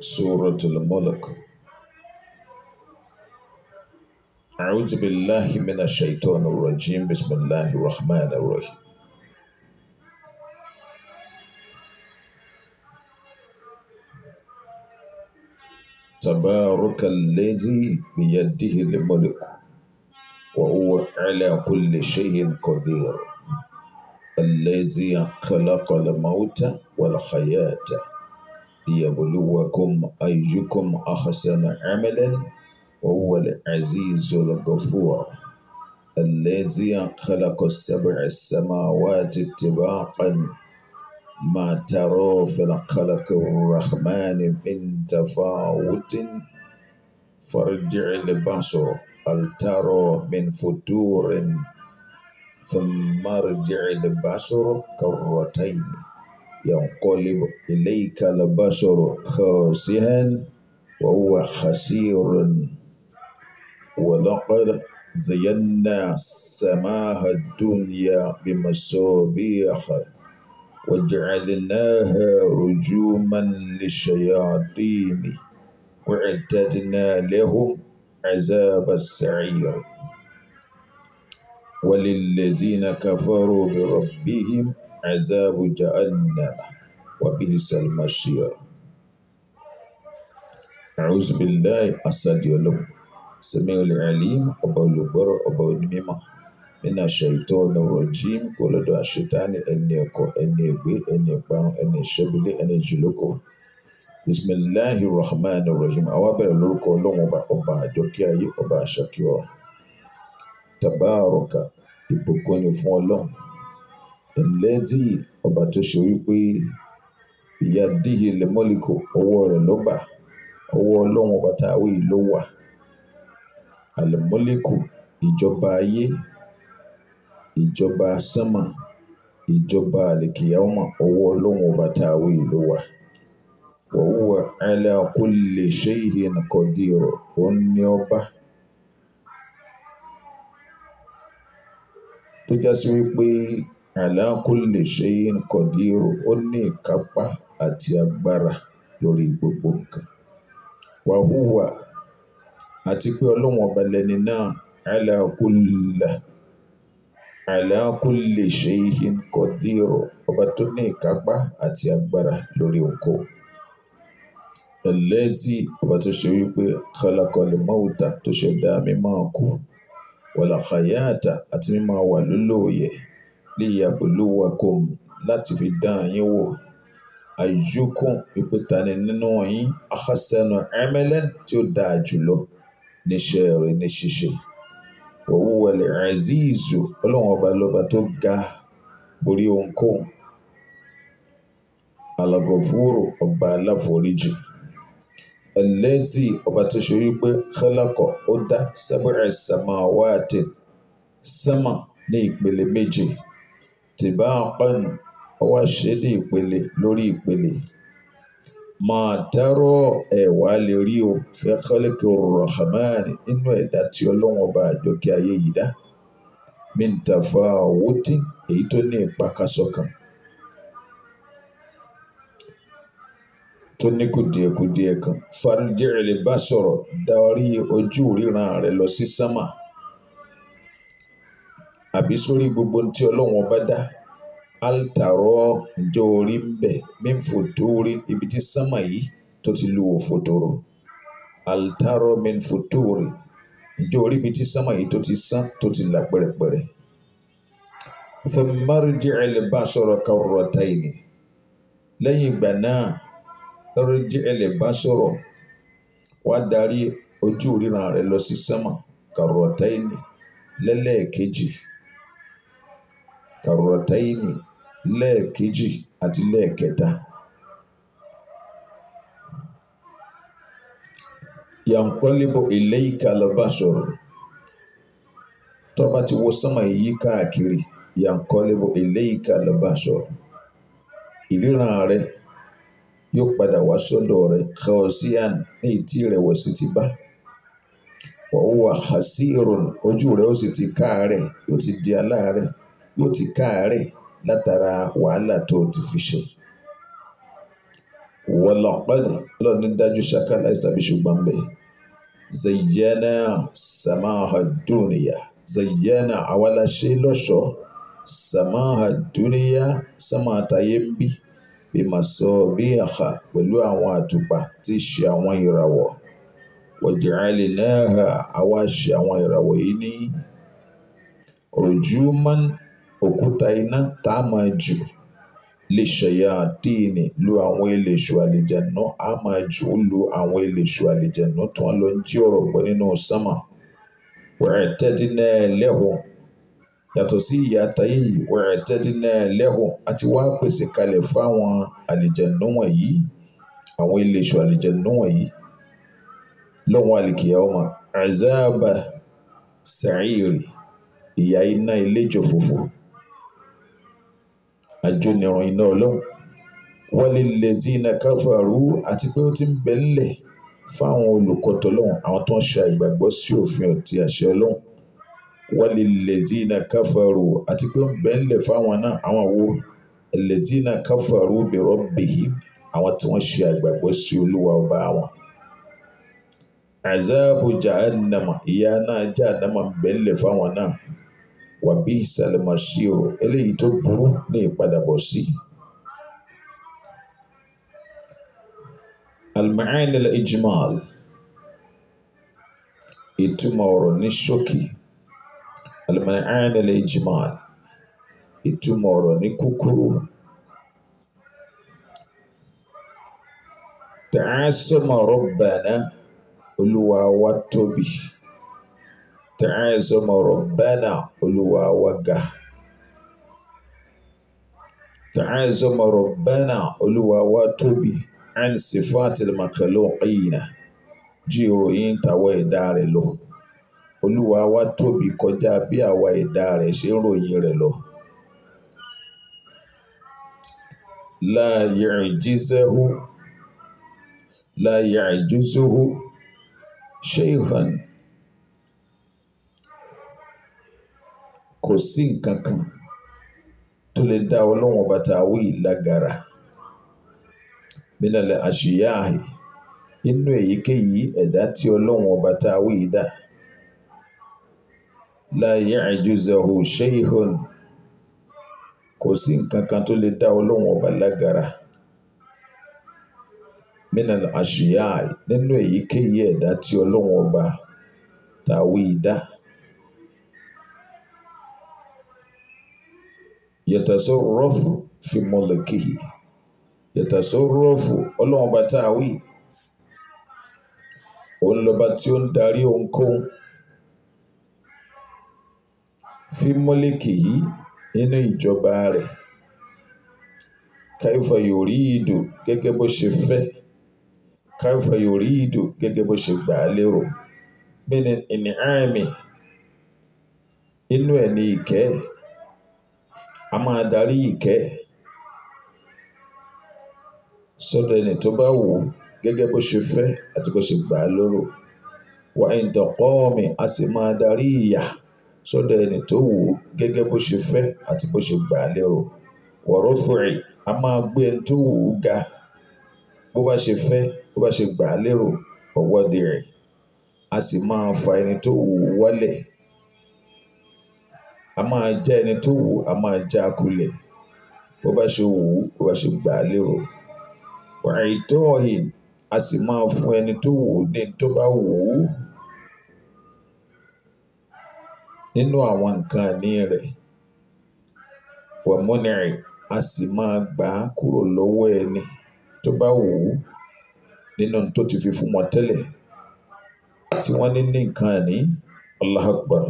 سورة الملك أعوذ بالله من الشيطان الرجيم بسم الله الرحمن الرحيم تبارك الذي بيده الملك وهو على كل شيء قدير الذي خلق الموت والحياه ليبلوكم أيكم أحسن عملا وهو العزيز الغفور الذي خلق السبع السماوات اتباقا ما ترى في الخلق الرحمن من تفاوت فارجع البصر هل ترى من فتور ثم ارجع البصر كرتين ينقلب إليك البشر خاسئا وهو خسير ولقد زينا السماء الدنيا بمصابيح وجعلناها رجوما للشياطين واعتدنا لهم عذاب السعير وللذين كفروا بربهم azabu jahannam wa bi'sal masir a'udhu billahi asadi ọlọ́run sẹ́mi ọ̀lẹ̀ alim ọba olùgbọ́rọ̀ ọba onímọ̀ nínú aṣ-ṣaitani rajim kó lọ́dọ̀ àṣetánì ẹni ẹ̀kọ́ ẹni ègbé ẹni ìparun ẹni ìṣẹ́bílẹ̀ ẹni ìjìlókò bisimilahi rahman rahim àwa bẹ̀rẹ̀ lórúkọ ọlọ́run ọba ọba àjọkí ayé ọba àṣàkí ọ̀run tabaraka ìbùkún ni fún ọlọ́run ẹlẹ́dì ọba tó ṣe wípé ìyá díyelé mọ́líkò ọwọ́ rẹ̀ ló bà ọwọ́ ọlọ́run ọba tá a wí yìí ló wà àlẹ́mọ́líkò ìjọba ayé ìjọba sánmà ìjọba àlìkìyàmọ̀ ọwọ́ ọlọ́run ọba tá yìí ló wà wàhùwà ala kulli shay'in qadir òun ní ọba tó já wípé ala kulli shay'in qadir ó ní ìkápá àti agbára lórí gbogbo nǹkan wa huwa àti pé ọlọ́run ọba lẹni náà ala kulli ala kulli shay'in qadir ọba tó ní ìkápá àti agbára lórí ohunkóhun ẹlẹ́tì ọba tó ṣe wípé khalaqal mauta tó ṣẹ̀dá mímọ́ kú wal àti mímọ́ wà lólóòyẹ̀ líyabluwakum láti fi dán yín wò ayyukum ìpètàní nínú yín ahsanu amalan tí ó dáa jùlọ níṣẹ́ rẹ̀ ní ṣíṣe wa huwal azizu ọlọ́run ọba lọ́ba tó ga borí ohunkóhun alagọfúrò ọba aláforíjì ẹlẹ́tì ọba tó ṣe wípé kọ́lákọ̀ ó dá sábẹ̀rẹ̀ sàmáwáàtì sẹ́mà ní ìpele méje tìbá àpẹnu ó wá ṣe ní ìpele lórí ìpele máa dárọ ẹwà lè rí o fẹ kọlẹkẹ òrùrọ hamani nínú ẹ̀dá tí Ọlọ́run ọba àjọkẹ́ ayé yìí dá mintafa woti èyí tó ní ìpakasọ tó ní kùdìẹ̀kùdìẹ̀ kan farijẹ́rẹ̀lẹ̀ bá sọ̀rọ̀ darí ojú ríran rẹ̀ lọ sí sámà. Si àbí sórí gbogbo tí ọlọ́run ọba dá altarọ ǹjẹ́ orí ń bẹ̀ mínfòtórí ibi tí sánmà yìí tó ti lu òfòtòrò altarọ mínfòtórí ǹjẹ́ orí ibi tí sánmà yìí tó ti sán tó ti là pẹ̀rẹ̀pẹ̀rẹ̀ fẹmárìdì ẹlẹbà sọ̀rọ̀ kàwọrọ táyìnì lẹ́yìn ìgbà náà rìdì ẹlẹbà sọ̀rọ̀ wá darí ojú ríran rẹ̀ lọ sí sánmà kàwọrọ táyìnì lẹ́lẹ́ẹ̀kejì kàrọ̀tẹ́yìnì lẹ́ẹ̀kejì àti lẹ́ẹ̀kẹta. yankọ́lébọ̀ eléyìí kalọ́bà sọ̀rọ̀ tọ́ba ti wo sánmà yìí káàkiri yankọ́lébọ̀ eléyìí kalọ́bà sọ̀rọ̀ ìríran rẹ yóò padà wá sọ́dọ̀ rẹ kọ́ọ̀síàn ní ìtì rẹ̀wẹ̀sì ti bá wàhùwà hasírun ojú rẹ ó sì ti káàárẹ̀ yóò ti di aláàárẹ̀ ló ti káàárẹ̀ látara wàhálà tó ti fi ṣe wọlọpẹni lọni dájú ṣaka láìsàbí ṣùgbọ́n bẹ́ẹ̀ zayyana samaha duniya zayyana awalaṣe lọ́ṣọ̀ọ́ samaha duniya samataye ń bí bí màsọ bí àhà pẹ̀lú àwọn àtùpà tí í ṣe àwọn ìràwọ̀ wọjàálì náà àwa ṣe àwọn ìràwọ̀ yìí ní rùjúmọ́ni òkúta iná tá a máa jù lè ṣẹ̀yà díìnì lu àwọn eléṣù àlìjẹ̀nú a máa jù ú lu àwọn eléṣù àlìjẹ̀nú tí wọ́n lọ ń jí ọ̀rọ̀ gbọ́ nínú sánmà wẹ̀rẹ̀ tẹ́dí náà lẹ́hùn yàtọ̀ sí ìyà àtàyè yìí wẹ̀rẹ̀ tẹ́dí náà lẹ́hùn àti wá pèsè kalẹ̀ fáwọn àlìjẹ̀nú wọ̀nyí àwọn eléṣù àlìjẹ̀nú wọ̀nyí lọ́wọ́ àlìkìyà ọmọ azaba sàírì ìyà iná ilé jòfòfò àjọnìràn iná ọlọ́run wálé lẹ́tí iná káfàrú àti pé ó ti ń bẹ ńlẹ̀ fáwọn olùkọ́tọ̀ ọlọ́run àwọn tó ń ṣe àìgbàgbọ́ sí òfin àti àṣẹ ọlọ́run wálé lẹ́tí iná káfàrú àti pé ó ń bẹ ńlẹ̀ fáwọn náà àwọn àwo lẹ́tí iná káfàrú bẹ̀rọ̀ bèyí àwọn tí wọ́n ṣe àìgbàgbọ́ sí olúwa ọba wọn azabu jahannama ìyà náà jahannama ń bẹ fáwọn náà wàbí ìsàlẹ̀mọ̀síro eléyìí tó burú ní ìpadàbọ̀ sí. al-ma'ani al-ijmal ìtumọ̀ ọ̀rọ̀ ní ṣókí al-ma'ani al-ijmal ìtumọ̀ ọ̀rọ̀ ní kúkúrú. ta'asama rabbana olúwa wa tóbi. ta'azama rabbana olúwa wa ga ta'azama rabbana olúwa wa tóbi an sifatil makhluqina ju ìròyìn tàwọn ẹ̀dá rẹ̀ lọ olúwa wa tóbi kọjá bí àwa ẹ̀dá rẹ̀ ṣe ń ròyìn rẹ̀ lọ. la ya'jizuhu la ya'jizuhu shay'un kò sí nǹkan kan tó lè dá ọlọ́wọ́n ọba tá a wí lágara mínàlẹ̀ àṣìyá àhì inú èyíkéyìí ẹ̀dá tí ọlọ́wọ́n ọba tá a wí dá láyé àjùzẹ̀hù ṣéyìhùn kò sí nǹkan kan tó lè dá ọlọ́wọ́n ọba lágara mínàlẹ̀ àṣìyá àhì èyíkéyìí ẹ̀dá tí ọlọ́wọ́n ọba tá a yatasarrafu fi mulkihi yatasarrafu ọlọ́run bá tá a wí òun lọ́ba tí ó ń darí ohunkóhun fi mulkihi nínú ìjọba rẹ̀ kaifa yuridu gẹ́gẹ́ bó ṣe fẹ́ kaifa yuridu gẹ́gẹ́ bó ṣe gbà á lérò mí ni ìní àmì inú ẹ̀ ní ìkẹ́ a máa darí ìkẹ́ sọ́dọ̀ ẹni tó bá wù ú gẹ́gẹ́ bó ṣe fẹ́ àti bó ṣe gbà á lóró wà ìdànkọ́ọ̀mì a sì máa darí ìyà sọ́dọ̀ ẹni tó wù ú gẹ́gẹ́ bó ṣe fẹ́ àti bó ṣe gbà á lérò wọ̀rọ̀ fìrì a máa gbé ẹni tó wù ú ga bó bá ṣe fẹ́ bó bá ṣe gbà á lérò ọwọ́ di rẹ̀ a sì máa fa ẹni tó wù ú wálẹ̀ a máa jẹ́ ẹni tó wù ú a máa já a kulẹ̀ bó bá ṣe wù ú bó bá ṣe gbà á lérò ọ̀rẹ́dọ́ ọ̀hìn a sì máa fún ẹni tó wù ú ní tó bá wù ú nínú àwọn nǹkan àní rẹ̀ wọ̀mọ́nìrì a sì máa gbà á kúrò lọ́wọ́ ẹni tó bá wù ú nínú tó ti fi fún wọn tẹ́lẹ̀ tí wọ́n ní ní nǹkan àní Allahu Akbar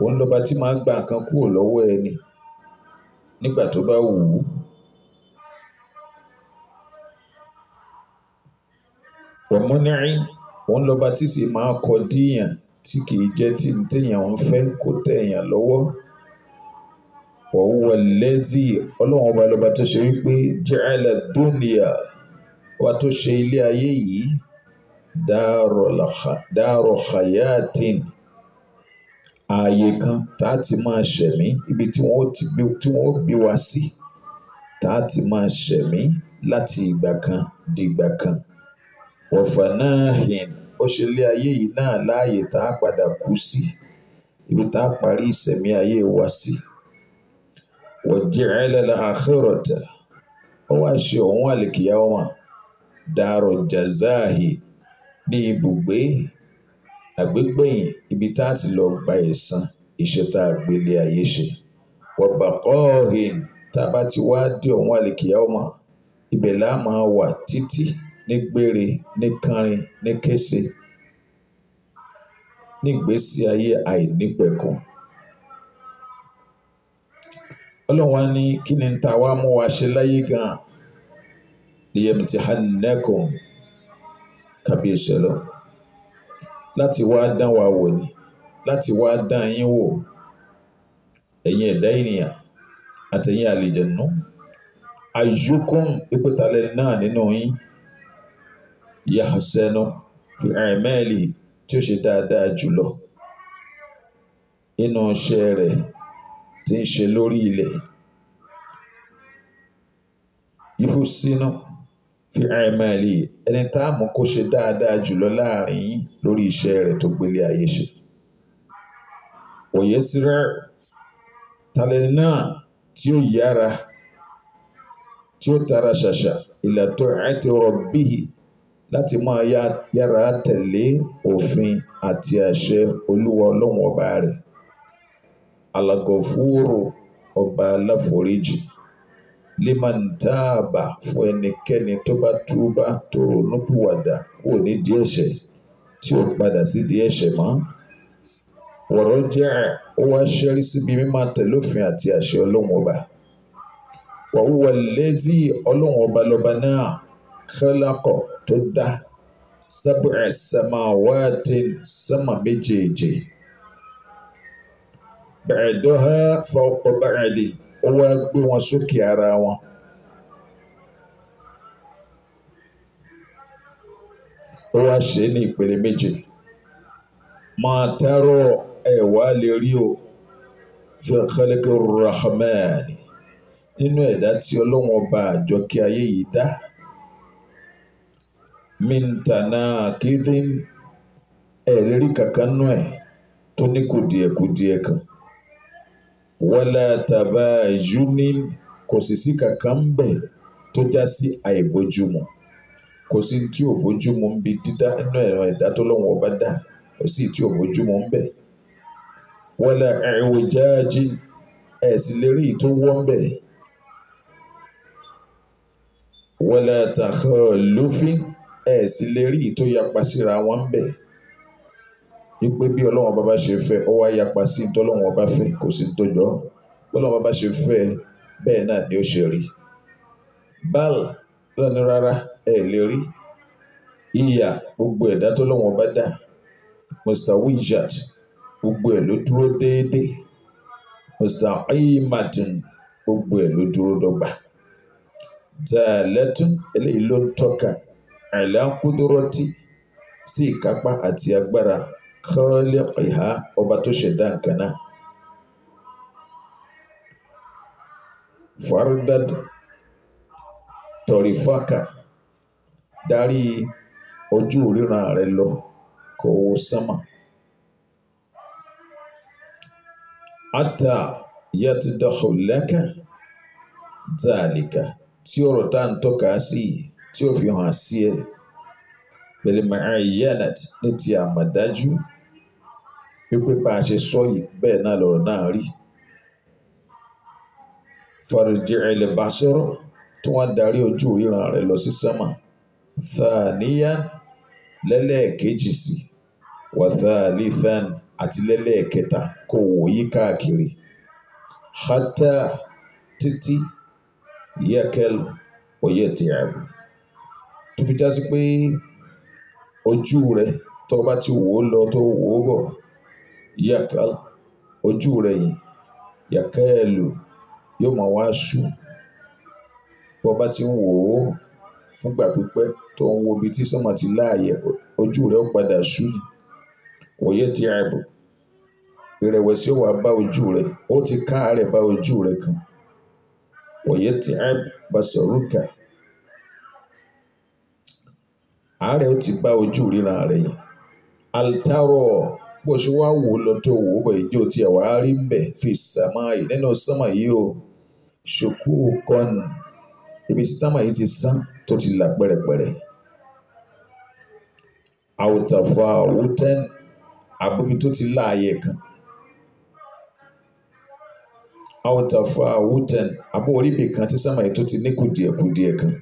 òun lọba tí máa ń gba nǹkan kúrò lọ́wọ́ ẹni nígbà tó bá wù ú. ọ̀múnìrí òun lọba tí sì máa kọ díyàn tí kìí jẹ́ tí téèyàn ń fẹ́ kó tẹ̀yàn lọ́wọ́. ọ̀wọ́ lẹ́dí ọlọ́run ọba lọba tó ṣe wípé ja'ala dunya wa tó ṣe ilé ayé yìí dáàrọ̀ khayáàtìn ààyè kan tá a ti máa ṣẹ̀mí ibi tí wọ́n ti gbé tí wọ́n gbé wa sí tá a ti máa ṣẹ̀mí láti ìgbà kan di ìgbà kan ọ̀fà náà hìn ó ṣe lé ayé yìí náà láàyè tá a padà kú sí ibi tá a parí ìṣẹ̀mí ayé wa sí waj'ala al-akhirata ó wá ṣe òun àlèkìyà wọn dàrọ̀ jazahi ní ibùgbé àgbégbẹ̀yìn ibi tá a ti lọ gba ẹ̀san iṣẹ́ tá a gbélé ayé ṣe wọ̀gbà kọ́ọ̀hìn tá a bá ti wá dé ọ̀hún àlèkìyà ọmọ ibẹ̀ là á máa wà títí ní gbére ní kánrin ní kése ní ìgbésí ayé àìnípẹ̀kun. ọlọ́run ní kí ni ta wá mú wa ṣe láyé gan-an lèyẹ̀mìtì hànẹ́kùn kábíyèsí ọlọ́run láti wá dán wa wò ni láti wá dán yín wò ẹ̀yin ẹ̀dá ènìyàn àtẹ̀yin àlìjẹ̀nú àyùkún pípẹ́talẹ̀ náà nínú yín yahsanu fi àìmẹ́ẹ̀lì tí ó ṣe dáadáa jùlọ nínú iṣẹ́ rẹ̀ tí ń ṣe lórí ilẹ̀ yífúsínú fi àìmẹ́ẹ̀lì ẹni tá a mú kó ṣe dáadáa jùlọ láàrin yín lórí iṣẹ́ rẹ̀ tó gbélé ayé ṣe. Wọ̀yẹ́ síra talẹ̀ náà tí ó yára tí ó tara ṣàṣà ìlàtọ̀ ẹ̀tẹ̀ ọ̀rọ̀ bíi láti máa yára tẹ̀lé òfin àti àṣẹ olúwa ọlọ́run ọba rẹ̀ alagọ̀fúrò ọba aláforíjì liman taaba fún ẹnikẹ́ni tó bá túbá tó ronúpìwàdà kúrò nídìí ẹ̀ṣẹ̀ tí ó padà sídìí ẹ̀ṣẹ̀ mọ́ wọ̀rọ̀ jẹ́ ó wá ṣẹ́rí síbi mímọ́ tẹ̀lófin àti àṣẹ ọlọ́run ọba wàhùwà lẹ́tí ọlọ́run ọba lọ́ba náà kálákọ̀ tó dá sábẹ̀rẹ̀ sàmà wáàtí sàmà méjèèjì bẹ̀rẹ̀ dọ́hà fọ́pọ̀ bẹ̀rẹ̀ dìí ó wá gbé wọn sókè ara wọn. ó wá ṣe é ní ìpele méje máa tẹ́rọ ẹ̀wá lè rí o fi khalqi rahman nínú ẹ̀dá tí ọlọ́wọ́n bá àjọ kí ayé yìí dá mintana kíndín ẹ̀rí kankan nú ẹ̀ tó ní kùdìẹ̀kùdìẹ̀ kan wala tabayunin kò sì sí kankan bẹ̀ tó já sí àìbójúmu kò sí tí ò bójúmu ń bi dídá inú ẹ̀rọ ẹ̀dá tó lọ́wọ́ ọba dà kò sí tí ò bójúmu ń bẹ̀ wala i'wijajin ẹ̀ sì lè rí ìtò wọ́n bẹ̀ wala takhallufin ẹ̀ sì lè rí ìtò yapa síra wọn bẹ̀ wípé bí ọlọ́run bàbá ṣe fẹ́ ọ wá yapa sí tọ́lọ́run ọba fẹ́ kò sí tọ́jọ́ ọlọ́run bàbá ṣe fẹ́ bẹ́ẹ̀ náà ni ó ṣe rí Baal lọ́ni rárá ẹ̀ lè rí ìyà gbogbo ẹ̀dá tọ́lọ́run ọba dá Mr. Wijat gbogbo ẹ̀ ló dúró déédéé Mr. ayimadu gbogbo ẹ̀ ló dúró dọ́gba tààlẹ́tún eléyìí ló ń tọ́ka àìlà kúdúrọ́tì sí ìkápá àti agbára khaliqiha ọba tó ṣẹ̀dá nǹkan náà. fardad tọrifaka darí ojú ríran rẹ lọ kó wo sánmà. ata yatidakhu laka zalika tí ọ̀rọ̀ tá à ń tọ́ka sí tí ó fi hàn sí ẹ e. pẹ̀lú màá yẹnat ní ti àmàdájú wípé bá a ṣe sọ yìí bẹ́ẹ̀ náà lọ̀rọ̀ náà rí fàrùjì ẹlẹ́bà sọ̀rọ̀ tí wọ́n darí ojú ríran rẹ̀ lọ sí sánmà thaniya lẹ́lẹ́ẹ̀kejì sí wathalithan àti lẹ́lẹ́ẹ̀kẹta kò wòye káàkiri hata títí yẹkẹl oyè tìyàbù tó fi já sí pé ojú rẹ̀ tó ti wò ó lọ tó wò ó bọ̀ yakal ojú yi yìí elu ẹ̀lò yóò máa wá ṣú ti ń wò ó fúngbà pípẹ́ tó ń wo ibi tí ti láàyè ojú rẹ̀ ó padà ṣú yìí ti àìbò ìrẹ̀wẹ̀sì ti bá ojú kan òye ti basoruka basọ̀rùkà àárẹ̀ ó ti bá ojú ríran yìí bó ṣe wá wò lọ tó wò bẹ̀ ìjọ tí ẹ̀ wá rí bẹ̀ fi sàmà yìí nínú sàmà yìí o ṣòkú kọ́nù ibi tí sàmà yìí ti sán tó ti là pẹ̀rẹ̀pẹ̀rẹ̀ àwòtàfà wútẹ́n àbómi tó ti láàyè kan àwòtàfà wútẹ́n àbó orí ibì kan tí sàmà yìí tó ti ní kùdìẹ̀kùdìẹ̀ kan.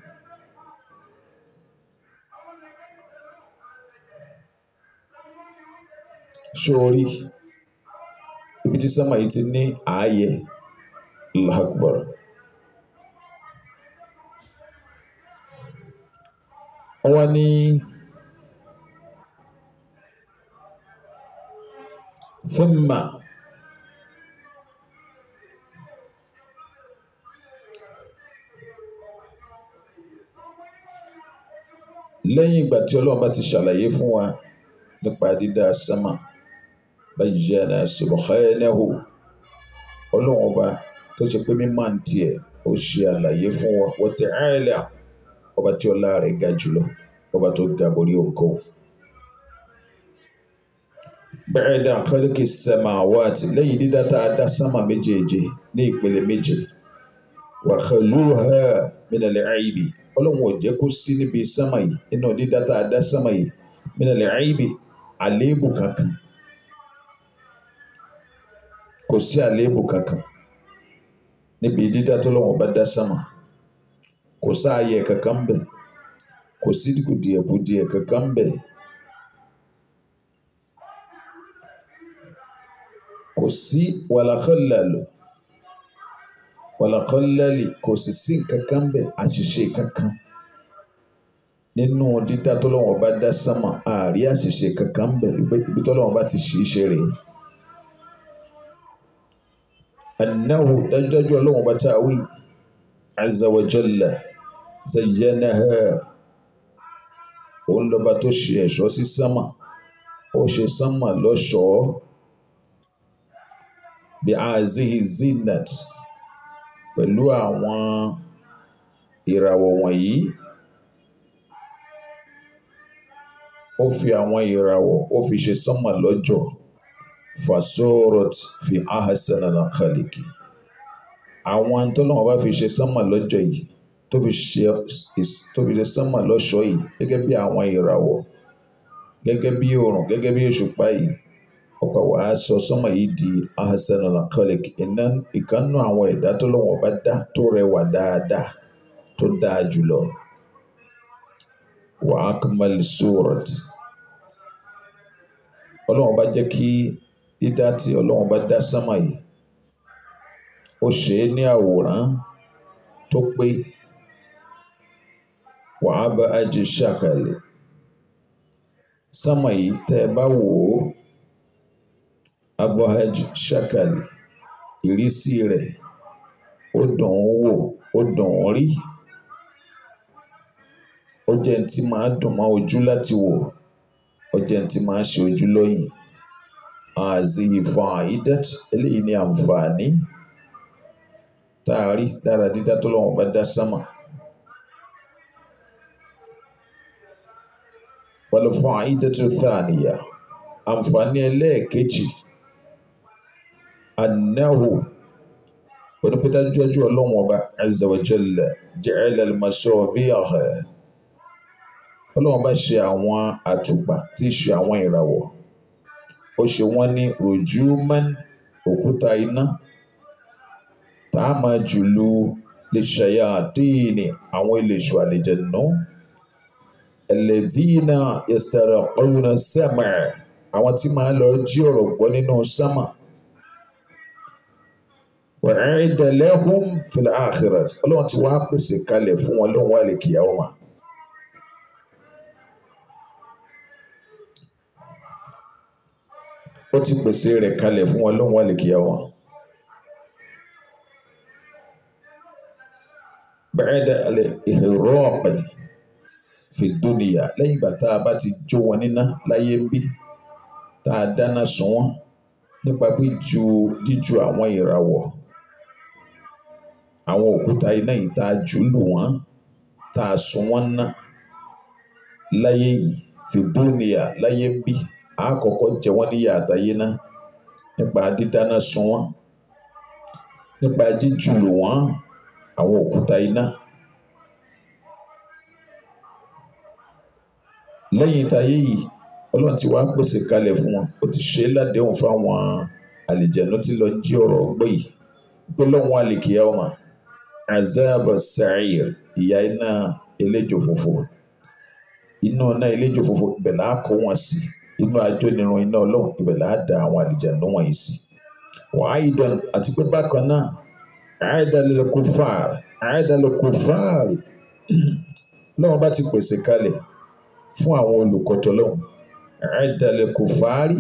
sórí ibi tí sánmà yìí ti ní ààyè lahakubar wọ́n ní fúnmà lẹ́yìn ìgbà tí ọlọ́run bá ti ṣàlàyé fún wa nípa dídá sánmà bayyana subhanahu ọlọ́run ọba tó ṣe pé mímọ́ ń tiẹ̀ ó ṣe àlàyé fún wa wa ta'ala ọba tí ọlá rẹ̀ ga jùlọ ọba tó ga borí ohunkóhun. bẹ́ẹ̀ dá kọ́lẹ́kì samawati lẹ́yìn dídá tá a dá sánmà méjèèje ní ìpele méje wa khaluha minal aibi ọlọ́run ò kó sí níbi sánmà yìí nínú dídá tá a dá sánmà yìí minal aibi àléébù kankan kò sí àléébù kankan níbi dídá tó lọ́wọ́ bá dá sánmà kò sáàyè kankan bẹ̀ kò sí kùdìẹ̀kùdìẹ̀ kankan bẹ̀ kò sí wàlàkọ́lálò wàlàkọ́lálì kò sì sí kankan bẹ̀ àṣìṣe kankan nínú dídá tó lọ́wọ́ bá dá sánmà àárí àṣìṣe kankan bẹ̀ ibi tó lọ́wọ́ bá ti ṣe é ṣe rèé annahu dájúdájú ọlọ́run ọba tá a wí azza wa jalla zayyanaha òun lọ́ba tó ṣe ẹ̀ṣọ́ sí sánmà ó ṣe sánmà lọ́ṣọ̀ọ́ bí azihi zinat pẹ̀lú àwọn ìràwọ̀ wọ̀nyí ó fi àwọn ìràwọ̀ ó fi ṣe sánmà lọ́jọ̀ọ́ fasorot fi ahasana na khaliki àwọn tọ́lọ́wọ́n bá fi ṣe sánmà lọ́jọ́ yìí tó fi ṣe sánmà lọ́ṣọ́ yìí gẹ́gẹ́ bí àwọn ìràwọ̀ gẹ́gẹ́ bí oòrùn gẹ́gẹ́ bí òṣùpá yìí ọ̀pá wàá sọ sánmà yìí di ahasana na khaliki iná ìkànnù àwọn ẹ̀dá tọ́lọ́wọ́n bá dá tó rẹwà dáadáa tó dáa jùlọ wàá kàmàlì sóòrọ̀tì ọlọ́wọ́n bá jẹ́ kí dídá tí ọlọ́run bá dá sánmà yìí ó ṣe é ní àwòrán tó pé wàá bá ajé ṣàkàlẹ̀ sánmà yìí tẹ́ ẹ bá wò ó abahaj ṣàkàlẹ̀ ìrísí rẹ̀ ó dùn ún wò ó dùn ún rí ó jẹ́ ní tí máa dùn mọ́ ojú láti wò ó jẹ́ ní tí máa ṣe ojú lóyìn àzìyí fàáìdẹ́t eléyìí ni àǹfààní tá a rí lára dídá tó lọ́wọ́ bá dá sánmà. wal fàáìdẹ́tù thaniya àǹfààní ẹlẹ́ẹ̀kejì annahu onípẹ́dájúdájú ọlọ́wọ́n ọba azza wa jalla ja'ala al-masabiha bá ṣe àwọn àtùpà tí í ṣe àwọn ìràwọ̀ ó ṣe wọ́n ní rojuman òkúta iná tá a máa jùlù lè ṣàyà díìnì àwọn ìlẹ̀ṣù àlìjẹ̀nù ẹlẹ́dìínà ìsẹ̀rẹ̀ ọ̀yùnà sẹ́mẹ̀ àwọn tí máa lọ jí ọ̀rọ̀ gbọ́ nínú sẹ́mà wẹ̀rẹ̀ ìdẹ̀lẹ́hùn fìlà àkìrẹ̀ ọlọ́run ti wá pèsè kalẹ̀ fún wọn lóhùn àlèkìyàwó máa. ó ti pèsè rẹ̀ kalẹ̀ fún wọn lóhùn àlèkìyà wọn. ba'da al-ihraq fi dunya lẹ́yìn ìgbà tá a bá ti jó wọn níná láyé ń bí tá a dáná sun wọn nípa jíju jíju àwọn ìràwọ̀ àwọn òkúta iná yìí tá a jù lù wọ́n tá a sun wọ́n ná láyé yìí fi láyé ń bí a kọ́kọ́ jẹ wọ́n níyà àtayé náà nípa dídáná sun wọ́n nípa jíjùlù wọ́n àwọn òkúta iná. lẹ́yìn táyé yìí ọlọ́run ti wá pèsè kalẹ̀ fún wọn ó ti ṣe é ládéhùn fáwọn àlìjẹ̀nú tí lọ jí ọ̀rọ̀ ọgbẹ́ yìí pé lọ́wọ́n àlìkìyà ọmọ azaba sa'ir ìyá iná eléjò fòfò iná náà eléjò fòfò bẹ̀ láàkó wọn sí inú ajónirun iná ọlọ́run ibẹ̀ láà da àwọn àlìjẹ̀nú wọ̀nyí sí. wàá ìdán àti pé bákan náà àádálẹ̀ kò fàárì àádálẹ̀ kò fàárì lọ́wọ́n bá ti pèsè kalẹ̀ fún àwọn olùkọ́tọ̀ lọ́hùn àádálẹ̀ kò fàárì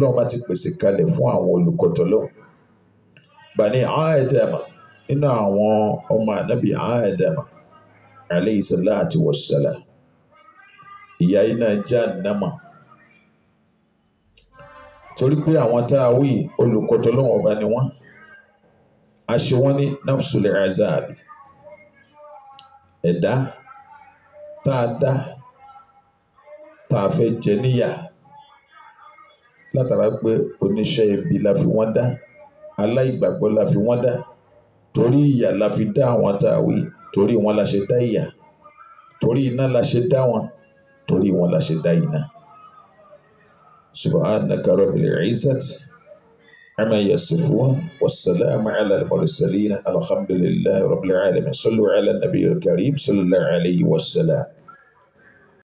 lọ́wọ́n bá ti pèsè kalẹ̀ fún àwọn olùkọ́tọ̀ lọ́hùn. bani àádẹ́mà nínú àwọn ọmọ ànábì àádẹ́mà aleyhi salatu wa salam ìyá iná jahannama torí pé àwọn tá a wòye olùkọ́ tọ́lọ́wọ́n ọba ni wọ́n a ṣe wọ́n ní nafsulẹ̀ azabi ẹ̀dá tá a dá tá a fẹ́ jẹ níyà látara pé oníṣẹ́ ibi la fi wọ́n dá aláìgbàgbọ́ la fi wọ́n dá torí ìyà la fi dá àwọn tá a wòye torí wọn la ṣe dá ìyà torí iná la ṣe dá wọn torí wọn la ṣe dá iná. سبحانك رب العزة عما يصفون والسلام على المرسلين الحمد لله رب العالمين صلوا على النبي الكريم صلى الله عليه وسلم